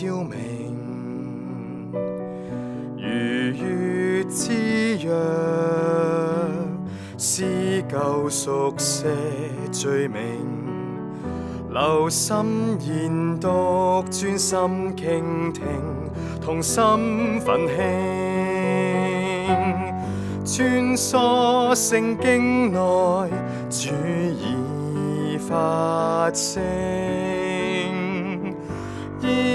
照明如月之約，施救贖洗罪名，留心研讀，專心傾聽，同心奮興，穿梭聖經內，主已發聲。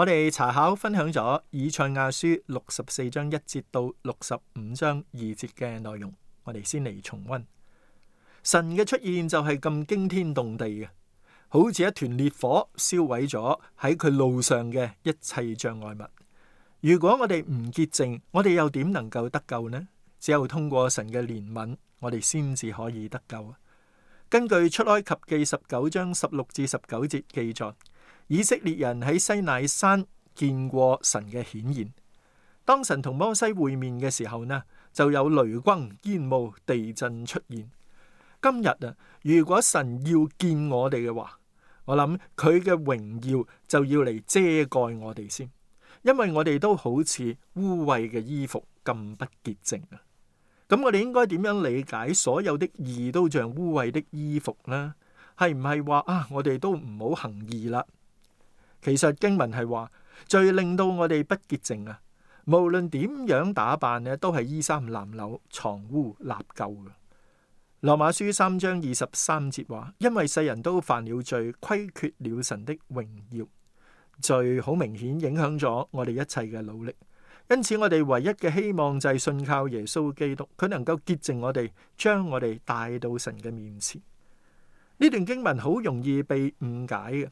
我哋查考分享咗以賽亞書六十四章一節到六十五章二節嘅內容，我哋先嚟重溫神嘅出現就係咁驚天動地嘅，好似一團烈火燒毀咗喺佢路上嘅一切障礙物。如果我哋唔潔淨，我哋又點能夠得救呢？只有通過神嘅憐憫，我哋先至可以得救。根據出埃及記十九章十六至十九節記載。以色列人喺西乃山見過神嘅顯現。當神同摩西會面嘅時候呢，就有雷轟、煙霧、地震出現。今日啊，如果神要見我哋嘅話，我諗佢嘅榮耀就要嚟遮蓋我哋先，因為我哋都好似污穢嘅衣服，咁不潔淨啊。咁我哋應該點樣理解所有的義都像污穢的衣服呢？係唔係話啊？我哋都唔好行義啦。其實經文係話，罪令到我哋不潔淨啊！無論點樣打扮咧，都係衣衫襤褸、藏污納垢噶。羅馬書三章二十三節話：因為世人都犯了罪，虧缺了神的榮耀。罪好明顯影響咗我哋一切嘅努力，因此我哋唯一嘅希望就係信靠耶穌基督，佢能夠潔淨我哋，將我哋帶到神嘅面前。呢段經文好容易被誤解嘅。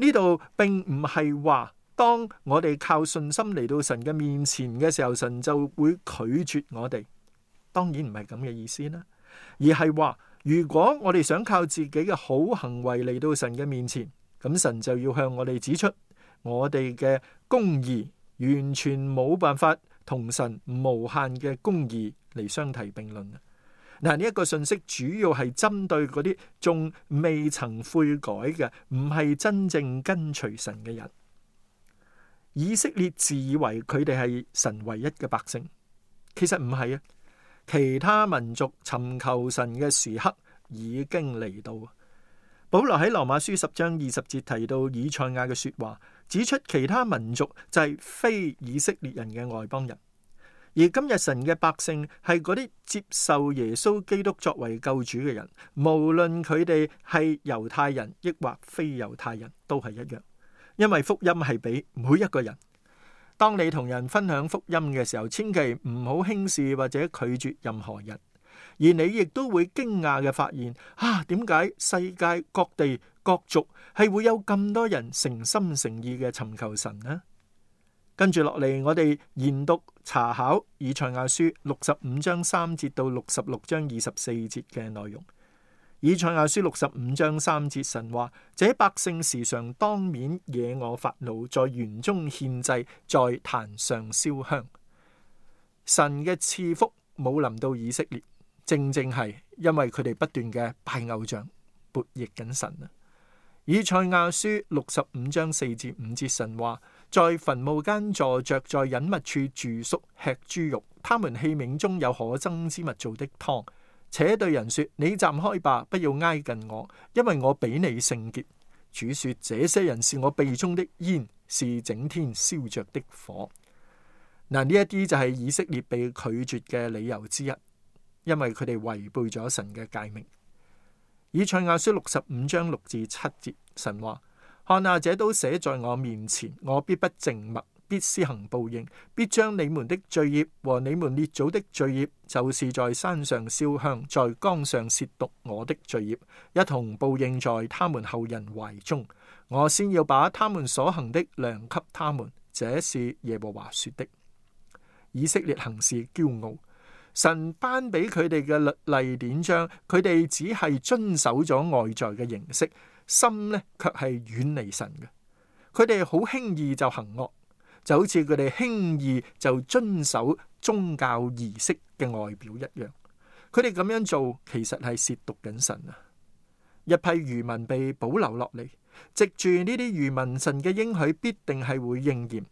呢度並唔係話當我哋靠信心嚟到神嘅面前嘅時候，神就會拒絕我哋。當然唔係咁嘅意思啦，而係話如果我哋想靠自己嘅好行為嚟到神嘅面前，咁神就要向我哋指出我哋嘅公義完全冇辦法同神無限嘅公義嚟相提並論。嗱，呢一個信息主要係針對嗰啲仲未曾悔改嘅，唔係真正跟隨神嘅人。以色列自以為佢哋係神唯一嘅百姓，其實唔係啊。其他民族尋求神嘅時刻已經嚟到。保羅喺羅馬書十章二十節提到以賽亞嘅説話，指出其他民族就係非以色列人嘅外邦人。而今日神嘅百姓係嗰啲接受耶穌基督作為救主嘅人，無論佢哋係猶太人抑或非猶太人都係一樣，因為福音係俾每一個人。當你同人分享福音嘅時候，千祈唔好輕視或者拒絕任何人，而你亦都會驚訝嘅發現啊，點解世界各地各族係會有咁多人誠心誠意嘅尋求神呢？跟住落嚟，我哋研讀。查考以賽亞書六十五章三節到六十六章二十四節嘅內容。以賽亞書六十五章三節神話：這百姓時常當面惹我發怒，在園中獻祭，在壇上燒香。神嘅賜福冇臨到以色列，正正係因為佢哋不斷嘅拜偶像，悖逆緊神啊！以賽亞書六十五章四至五節神話。在墳墓間坐着，在隱密處住宿，吃豬肉。他們器皿中有可憎之物做的湯，且對人說：你站開吧，不要挨近我，因為我比你聖潔。主說：這些人是我鼻中的煙，是整天燒着的火。嗱，呢一啲就係以色列被拒絕嘅理由之一，因為佢哋違背咗神嘅誡命。以賽亞書六十五章六至七節，神話。看啊，下這都寫在我面前，我必不靜默，必施行報應，必將你們的罪孽和你們列祖的罪孽，就是在山上燒香，在江上褻瀆我的罪孽，一同報應在他們後人懷中。我先要把他們所行的量給他們。這是耶和華說的。以色列行事驕傲，神頒俾佢哋嘅律例典章，佢哋只係遵守咗外在嘅形式。心呢，卻係遠離神嘅，佢哋好輕易就行惡，就好似佢哋輕易就遵守宗教儀式嘅外表一樣。佢哋咁樣做，其實係褻瀆緊神啊！一批餘民被保留落嚟，藉住呢啲餘民，神嘅應許必定係會應驗。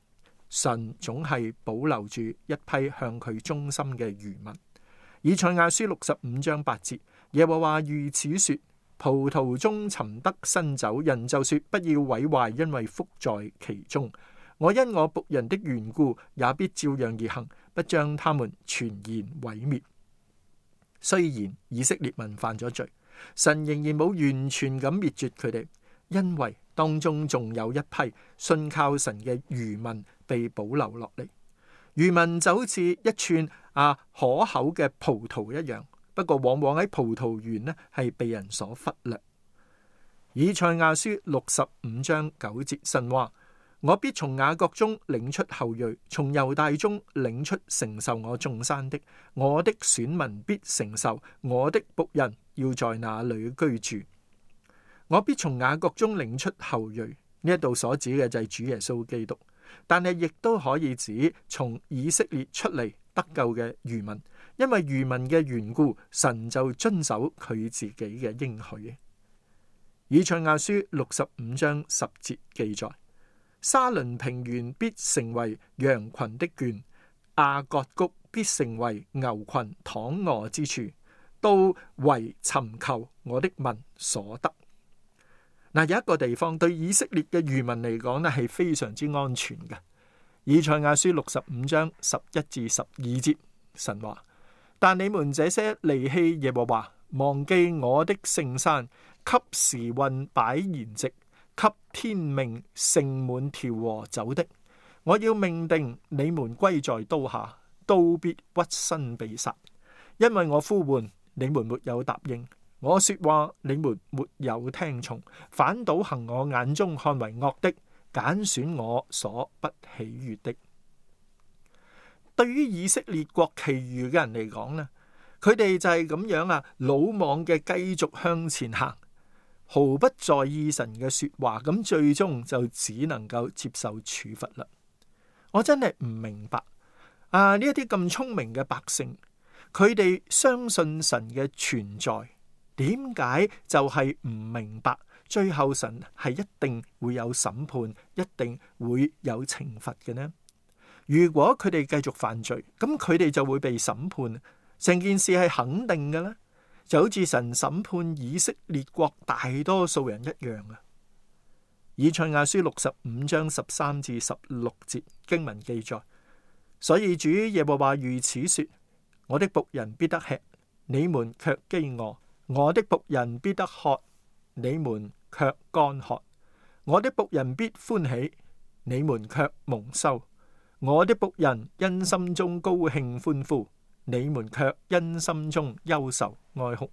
神總係保留住一批向佢忠心嘅餘民。以賽亞書六十五章八節，耶和華如此說。葡萄中尋得新酒，人就說不要毀壞，因為福在其中。我因我僕人的緣故，也必照樣而行，不將他們全然毀滅。雖然以色列民犯咗罪，神仍然冇完全咁滅絕佢哋，因為當中仲有一批信靠神嘅餘民被保留落嚟。餘民就好似一串啊可口嘅葡萄一樣。不過往往喺葡萄園呢，係被人所忽略。以賽亞書六十五章九節神話：我必從雅各中領出後裔，從猶大中領出承受我眾山的。我的選民必承受我的僕人，要在那裡居住。我必從雅各中領出後裔。呢一度所指嘅就係主耶穌基督，但係亦都可以指從以色列出嚟得救嘅餘民。因為漁民嘅緣故，神就遵守佢自己嘅應許。以賽亞書六十五章十節記載：沙倫平原必成為羊群的圈，亞割谷必成為牛群躺卧之處，都為尋求我的民所得。嗱、嗯，有一個地方對以色列嘅漁民嚟講呢係非常之安全嘅。以賽亞書六十五章十一至十二節，神話。但你們這些離棄耶和華、忘記我的聖山、給時運擺筵席、給天命盛滿調和酒的，我要命定你們歸在刀下，都必屈身被殺，因為我呼喚你們沒有答應，我說話你們沒有聽從，反倒行我眼中看為惡的，揀選我所不喜悅的。對於以色列國其餘嘅人嚟講呢，佢哋就係咁樣啊，魯莽嘅繼續向前行，毫不在意神嘅說話，咁最終就只能夠接受處罰啦。我真係唔明白啊！呢一啲咁聰明嘅百姓，佢哋相信神嘅存在，點解就係唔明白最後神係一定會有審判，一定會有懲罰嘅呢？如果佢哋繼續犯罪，咁佢哋就會被審判。成件事係肯定嘅咧，就好似神審判以色列國大多數人一樣啊。以賽亞書六十五章十三至十六節經文記載，所以主耶和華如此說：我的僕人必得吃，你們卻飢餓；我的僕人必得喝，你們卻乾渴；我的僕人必歡喜，你們卻蒙羞。我的僕人因心中高興歡呼，你們却因心中憂愁哀哭，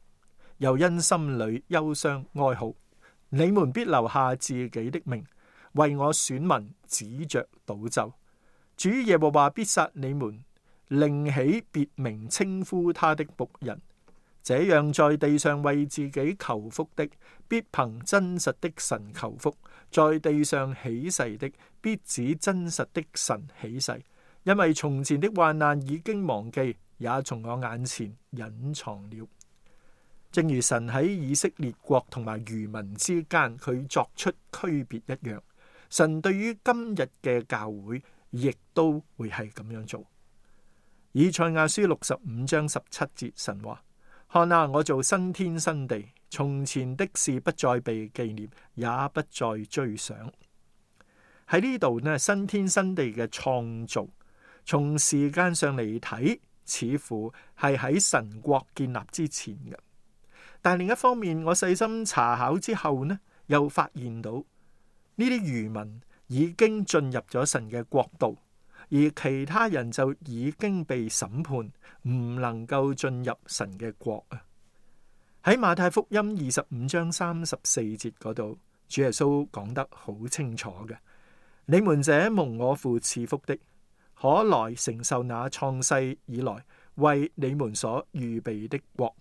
又因心裏憂傷哀號。你們必留下自己的名，為我選民指着賭咒。主耶和華必殺你們，另起別名稱呼他的僕人。這樣，在地上為自己求福的，必憑真實的神求福；在地上起誓的，必指真實的神起誓。因為從前的患難已經忘記，也從我眼前隱藏了。正如神喺以色列國同埋餘民之間，佢作出區別一樣，神對於今日嘅教會，亦都會係咁樣做。以賽亞書六十五章十七節神話。看哪，我做新天新地，從前的事不再被紀念，也不再追想。喺呢度，呢新天新地嘅創造，從時間上嚟睇，似乎係喺神國建立之前嘅。但另一方面，我細心查考之後呢，又發現到呢啲漁民已經進入咗神嘅國度。而其他人就已經被審判，唔能夠進入神嘅國啊。喺馬太福音二十五章三十四節嗰度，主耶穌講得好清楚嘅：你們這蒙我父賜福的，可來承受那創世以來為你們所預備的國。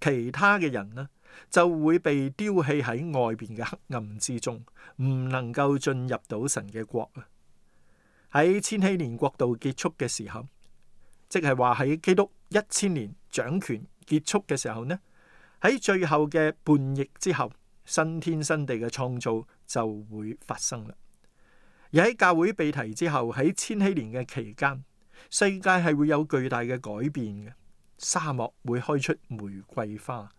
其他嘅人呢，就會被丟棄喺外邊嘅黑暗之中，唔能夠進入到神嘅國啊。喺千禧年國度結束嘅時候，即係話喺基督一千年掌權結束嘅時候呢，喺最後嘅叛逆之後，新天新地嘅創造就會發生啦。而喺教會被提之後，喺千禧年嘅期間，世界係會有巨大嘅改變嘅。沙漠會開出玫瑰花。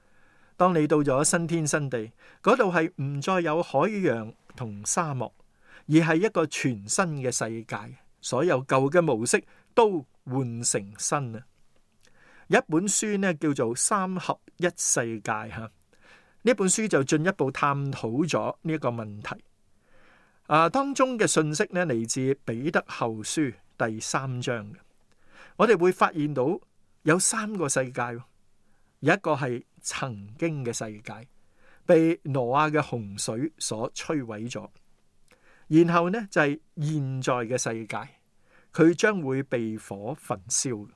當你到咗新天新地，嗰度係唔再有海洋同沙漠。而係一個全新嘅世界，所有舊嘅模式都換成新啊！一本書咧叫做《三合一世界》吓，呢本書就進一步探討咗呢個問題。啊，當中嘅信息咧嚟自《彼得後書》第三章嘅，我哋會發現到有三個世界，有一個係曾經嘅世界被挪亞嘅洪水所摧毀咗。然後呢，就係現在嘅世界，佢將會被火焚燒。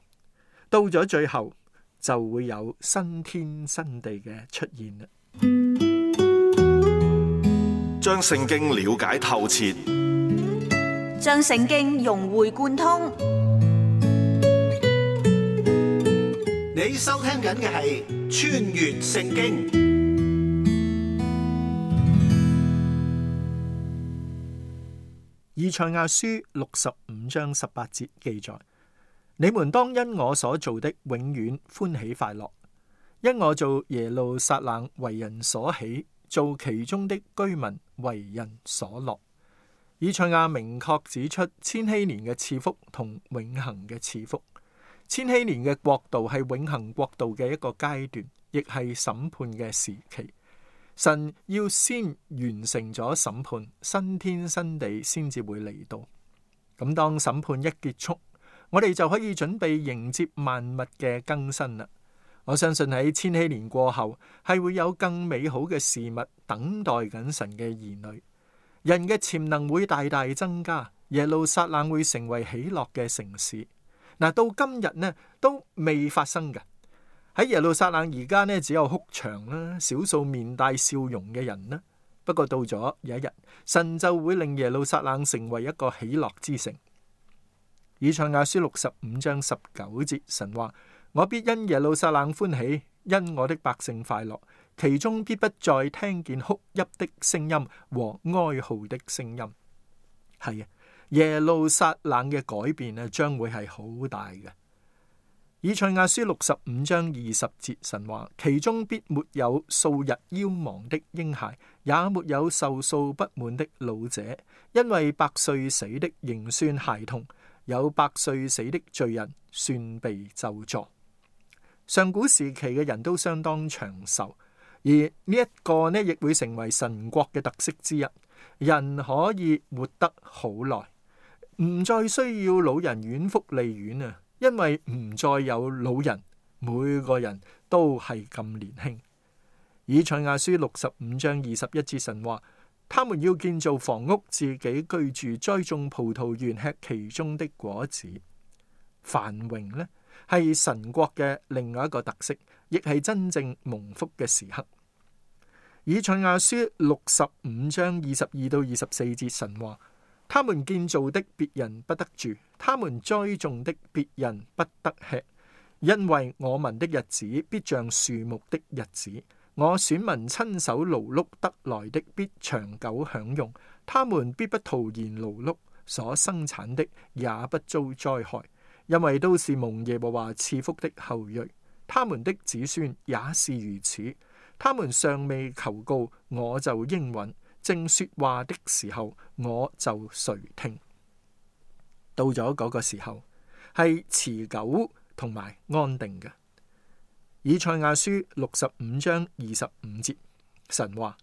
到咗最後，就會有新天新地嘅出現啦。將聖經了解透徹，將聖經融會貫通。你收聽緊嘅係《穿越聖經》。賽亞書六十五章十八節記載：你們當因我所做的永遠歡喜快樂，因我做耶路撒冷為人所喜，做其中的居民為人所樂。以賽亞明確指出千禧年嘅賜福同永恆嘅賜福，千禧年嘅國度係永恆國度嘅一個階段，亦係審判嘅時期。神要先完成咗審判，新天新地先至會嚟到。咁當審判一結束，我哋就可以準備迎接萬物嘅更新啦。我相信喺千禧年過後，係會有更美好嘅事物等待緊神嘅兒女。人嘅潛能會大大增加，耶路撒冷會成為喜樂嘅城市。嗱，到今日呢，都未發生嘅。喺耶路撒冷而家呢，只有哭牆啦，少數面帶笑容嘅人啦。不過到咗有一日，神就會令耶路撒冷成為一個喜樂之城。以賽亞書六十五章十九節，神話：我必因耶路撒冷歡喜，因我的百姓快樂，其中必不再聽見哭泣的聲音和哀號的聲音。係啊，耶路撒冷嘅改變呢，將會係好大嘅。以賽亞書六十五章二十節神話，其中必沒有數日夭亡的嬰孩，也沒有壽數不滿的老者，因為百歲死的仍算孩童，有百歲死的罪人算被咒詛。上古時期嘅人都相當長壽，而呢一個呢亦會成為神國嘅特色之一。人可以活得好耐，唔再需要老人院福利院啊！因為唔再有老人，每個人都係咁年輕。以賽亞書六十五章二十一節神話，他們要建造房屋，自己居住，栽種葡萄園，吃其中的果子。繁榮呢，係神國嘅另外一個特色，亦係真正蒙福嘅時刻。以賽亞書六十五章二十二到二十四節神話，他們建造的別人不得住。他們栽種的，別人不得吃，因為我們的日子必像樹木的日子。我選民親手勞碌得來的，必長久享用。他們必不徒然勞碌，所生產的也不遭災害，因為都是蒙耶和華賜福的後裔。他們的子孫也是如此。他們尚未求告，我就應允；正說話的時候，我就垂聽。到咗嗰個時候，係持久同埋安定嘅。以賽亞書六十五章二十五節，神話：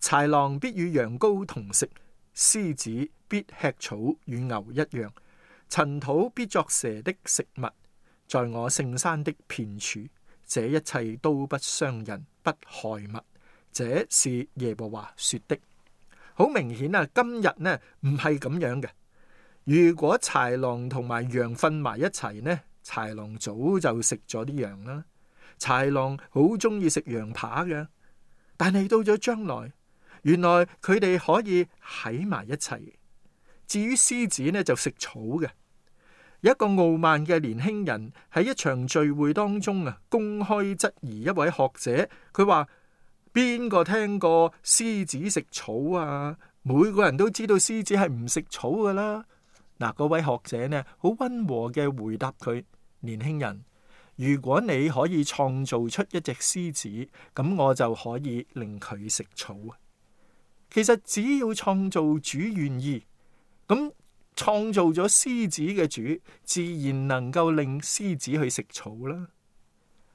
豺狼必與羊羔同食，獅子必吃草與牛一樣，塵土必作蛇的食物，在我聖山的遍處，這一切都不傷人不害物。這是耶和華說的。好明顯啊，今日呢唔係咁樣嘅。如果豺狼同埋羊瞓埋一齊呢，豺狼早就食咗啲羊啦。豺狼好中意食羊扒嘅，但係到咗將來，原來佢哋可以喺埋一齊。至於獅子呢，就食草嘅。一個傲慢嘅年輕人喺一場聚會當中啊，公開質疑一位學者，佢話邊個聽過獅子食草啊？每個人都知道獅子係唔食草噶啦。嗱，嗰位學者呢，好溫和嘅回答佢：年輕人，如果你可以創造出一隻獅子，咁我就可以令佢食草啊！其實只要創造主願意，咁創造咗獅子嘅主，自然能夠令獅子去食草啦。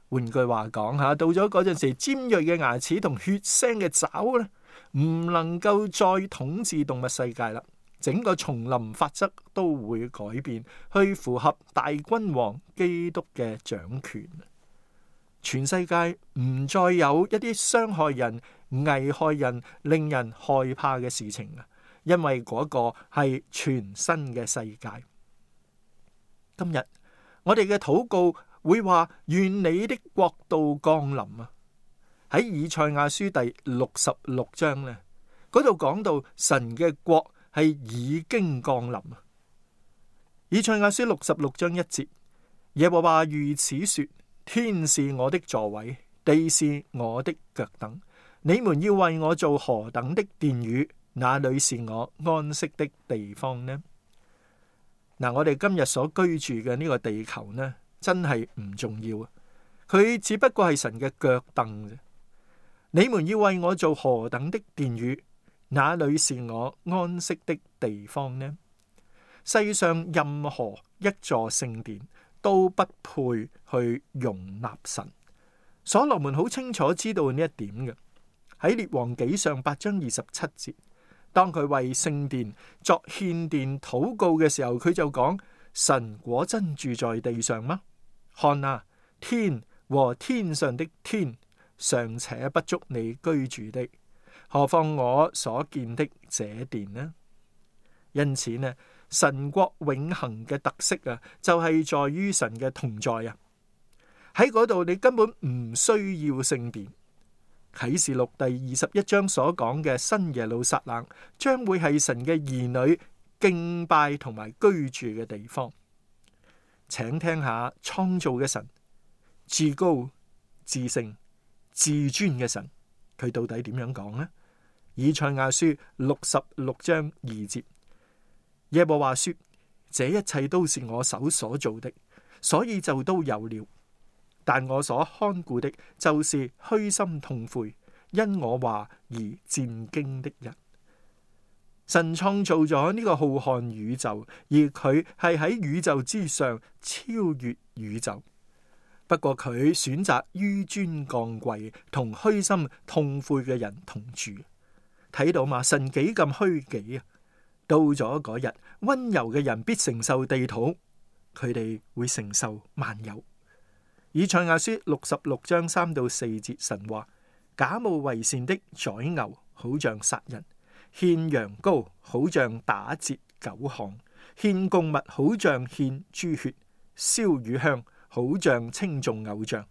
換句話講吓，到咗嗰陣時，尖銳嘅牙齒同血腥嘅爪咧，唔能夠再統治動物世界啦。整個叢林法則都會改變，去符合大君王基督嘅掌權。全世界唔再有一啲傷害人、危害人、令人害怕嘅事情啊！因為嗰個係全新嘅世界。今日我哋嘅禱告會話：願你的國度降臨啊！喺以賽亞書第六十六章呢，嗰度講到神嘅國。係已經降臨啊！以賽亞書六十六章一節，耶和華如此說：天是我的座位，地是我的腳凳。你們要為我做何等的殿宇？哪裏是我安息的地方呢？嗱、啊，我哋今日所居住嘅呢個地球呢，真係唔重要啊！佢只不過係神嘅腳凳。你們要為我做何等的殿宇？哪裏是我安息的地方呢？世上任何一座聖殿都不配去容納神。所羅門好清楚知道呢一點嘅。喺列王紀上八章二十七節，當佢為聖殿作獻殿禱告嘅時候，佢就講：神果真住在地上嗎？看啊，天和天上的天尚且不足你居住的。何況我所見的這殿呢？因此呢，神國永恆嘅特色啊，就係、是、在於神嘅同在啊。喺嗰度你根本唔需要聖殿。啟示錄第二十一章所講嘅新耶路撒冷，將會係神嘅兒女敬拜同埋居住嘅地方。請聽下創造嘅神，至高、至聖、至尊嘅神，佢到底點樣講呢？以賽亞書六十六章二節，耶和華說：這一切都是我手所做的，所以就都有了。但我所看顧的，就是虛心痛悔，因我話而戰驚的人。神創造咗呢個浩瀚宇宙，而佢係喺宇宙之上超越宇宙。不過佢選擇于尊降貴同虛心痛悔嘅人同住。睇到嘛，神幾咁虛己啊！到咗嗰日，温柔嘅人必承受地土，佢哋會承受萬有。以賽亞書六十六章三到四節神話：假冒為善的宰牛，好像殺人；獻羊羔，好像打折狗項；獻供物，好像獻豬血；燒乳香，好像稱頌偶像。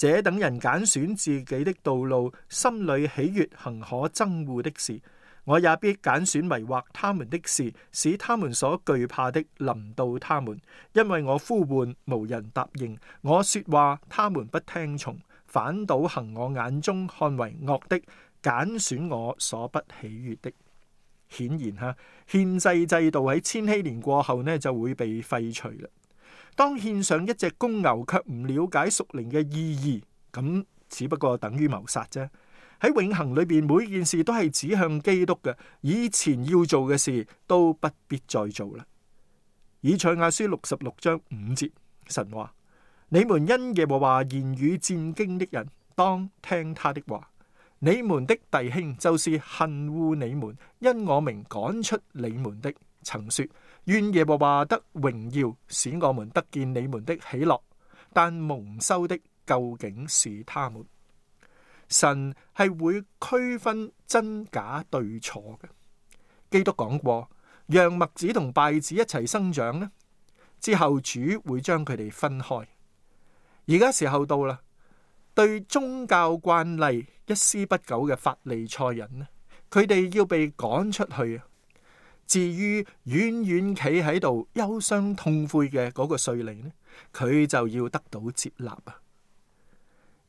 這等人揀選自己的道路，心裏喜悦行可憎惡的事，我也必揀選迷惑他們的事，使他們所懼怕的臨到他們。因為我呼喚無人答應，我說話他們不聽從，反倒行我眼中看為惡的，揀選我所不喜悦的。顯然吓，獻祭制度喺千禧年過後呢，就會被廢除啦。當獻上一隻公牛，卻唔了解屬靈嘅意義，咁只不過等於謀殺啫。喺永恒裏邊，每件事都係指向基督嘅，以前要做嘅事都不必再做啦。以賽亞書六十六章五節，神話：你們因耶和華言語戰兢的人，當聽他的話；你們的弟兄就是恨惡你們、因我名趕出你們的，曾說。願耶和華得榮耀，使我們得見你們的喜樂。但蒙羞的究竟是他們？神係會區分真假對錯嘅。基督講過，讓麥子同稗子一齊生長咧，之後主會將佢哋分開。而家時候到啦，對宗教慣例一絲不苟嘅法利賽人咧，佢哋要被趕出去。至於遠遠企喺度憂傷痛悔嘅嗰個碎靈呢，佢就要得到接納啊。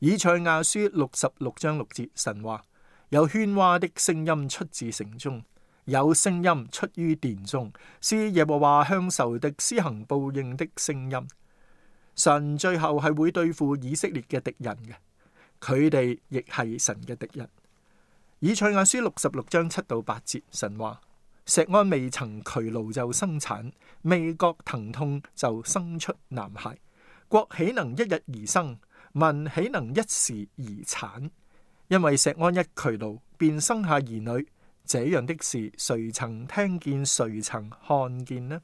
以賽亞書六十六章六節，神話，有喧嘩的聲音出自城中，有聲音出於殿中，是耶和華向仇敵施行報應的聲音。神最後係會對付以色列嘅敵人嘅，佢哋亦係神嘅敵人。以賽亞書六十六章七到八節，神話。錫安未曾劬勞就生產，未覺疼痛就生出男孩，國豈能一日而生？民豈能一時而產？因為錫安一劬勞便生下兒女，這樣的事誰曾聽見？誰曾看見呢？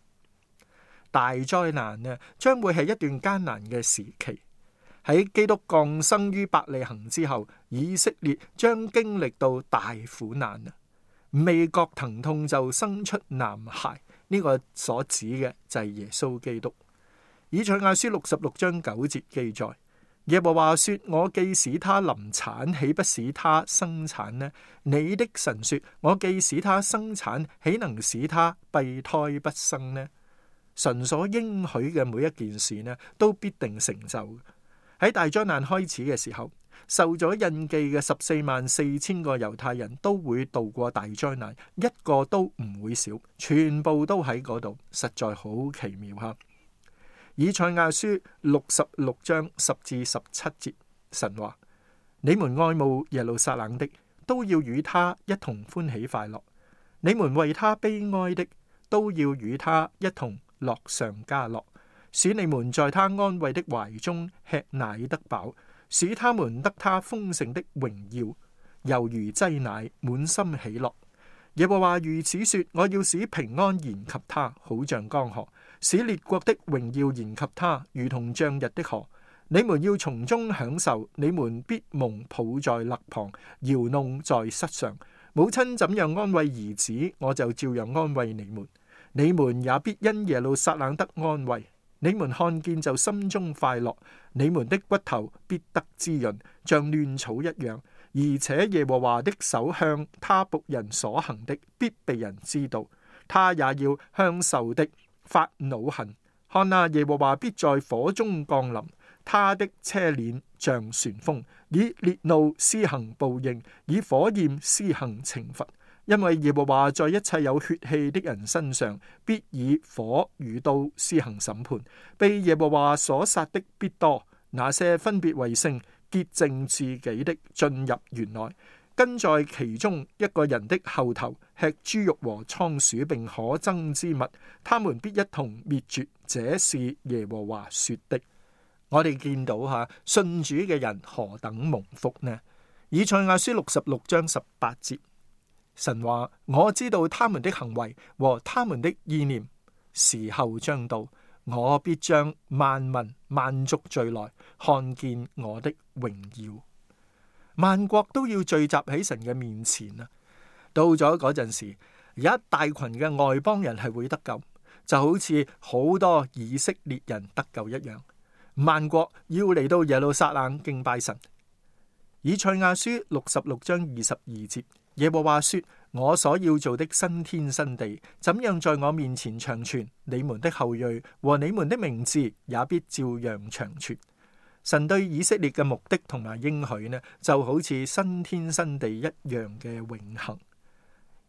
大災難啊，將會係一段艱難嘅時期。喺基督降生於伯利恆之後，以色列將經歷到大苦難。未覺疼痛就生出男孩，呢、這個所指嘅就係、是、耶穌基督。以賽亞書六十六章九節記載：耶和華說，說，我既使他臨產，豈不使他生產呢？你的神說我既使他生產，豈能使他閉胎不生呢？神所應許嘅每一件事呢，都必定成就。喺大災難開始嘅時候。受咗印記嘅十四萬四千個猶太人都會渡過大災難，一個都唔會少，全部都喺嗰度，實在好奇妙哈，以賽亞書六十六章十至十七節，神話：你們愛慕耶路撒冷的，都要與他一同歡喜快樂；你們為他悲哀的，都要與他一同樂上加樂，使你們在他安慰的懷中吃奶得飽。使他們得他豐盛的榮耀，猶如擠奶，滿心喜樂。耶和華如此說：我要使平安延及他，好像江河；使列國的榮耀延及他，如同漲溢的河。你們要從中享受，你們必蒙抱在肋旁，搖弄在膝上。母親怎樣安慰兒子，我就照樣安慰你們。你們也必因耶路撒冷得安慰。你們看見就心中快樂，你們的骨頭必得滋潤，像嫩草一樣。而且耶和華的手向他僕人所行的必被人知道，他也要向仇敵發惱恨。看哪，耶和華必在火中降臨，他的車輦像旋風，以烈怒施行報應，以火焰施行懲罰。因為耶和華在一切有血氣的人身上必以火與刀施行審判，被耶和華所殺的必多。那些分別為聖潔淨自己的，進入園內，跟在其中一個人的後頭吃豬肉和倉鼠並可憎之物，他們必一同滅絕。這是耶和華說的。我哋見到吓，信主嘅人何等蒙福呢？以賽亞書六十六章十八節。神話，我知道他們的行為和他們的意念，時候將到，我必將萬民萬族聚來，看見我的榮耀。萬國都要聚集喺神嘅面前啊！到咗嗰陣時，一大群嘅外邦人係會得救，就好似好多以色列人得救一樣。萬國要嚟到耶路撒冷敬拜神。以賽亞書六十六章二十二節。耶和華說：我所要做的新天新地，怎樣在我面前長存，你們的後裔和你們的名字，也必照樣長存。神對以色列嘅目的同埋應許呢，就好似新天新地一樣嘅永恒。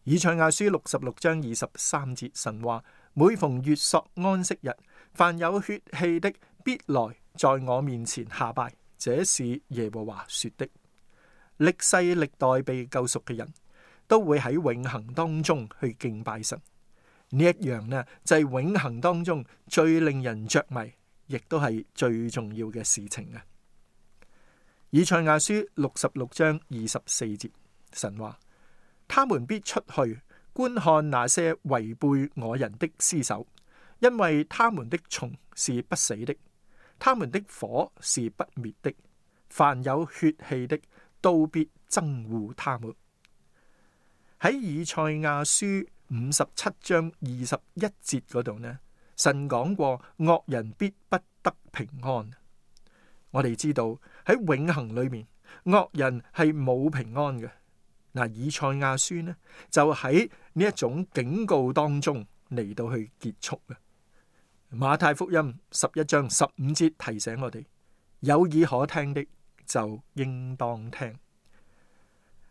以賽亞書六十六章二十三節，神話每逢月朔安息日，凡有血氣的必來在我面前下拜。這是耶和華說的。歷世歷代被救贖嘅人都會喺永恒當中去敬拜神。呢一樣呢就係、是、永恒當中最令人着迷，亦都係最重要嘅事情嘅。以賽亞書六十六章二十四節，神話：他們必出去觀看那些違背我人的屍首，因為他們的蟲是不死的，他們的火是不滅的。凡有血氣的，都必憎惡他們。喺以賽亞書五十七章二十一節嗰度呢，神講過，惡人必不得平安。我哋知道喺永恒裏面，惡人係冇平安嘅。嗱，以賽亞書呢就喺呢一種警告當中嚟到去結束嘅。馬太福音十一章十五節提醒我哋，有耳可聽的，就應當聽。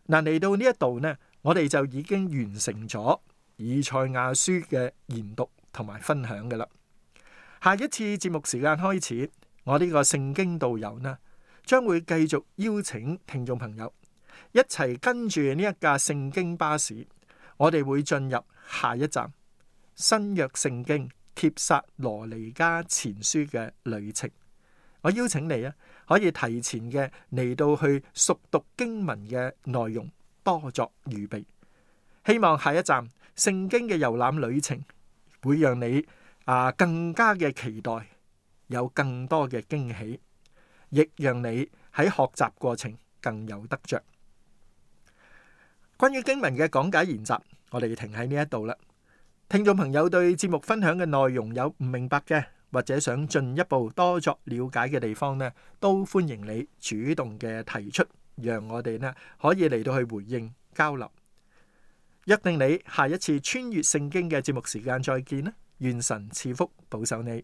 嗱，嚟到呢一度呢，我哋就已經完成咗以賽亞書嘅研讀同埋分享嘅啦。下一次節目時間開始，我呢個聖經導遊呢，將會繼續邀請聽眾朋友一齊跟住呢一架聖經巴士，我哋會進入下一站新約聖經帖撒羅尼迦前書嘅旅程。我邀請你啊！可以提前嘅嚟到去熟讀經文嘅內容，多作預備。希望下一站聖經嘅遊覽旅程，會讓你啊更加嘅期待，有更多嘅驚喜，亦讓你喺學習過程更有得着。關於經文嘅講解研習，我哋停喺呢一度啦。聽眾朋友對節目分享嘅內容有唔明白嘅，或者想進一步多作瞭解嘅地方呢，都歡迎你主動嘅提出，讓我哋呢可以嚟到去回應交流。約定你下一次穿越聖經嘅節目時間再見啦！願神賜福保守你。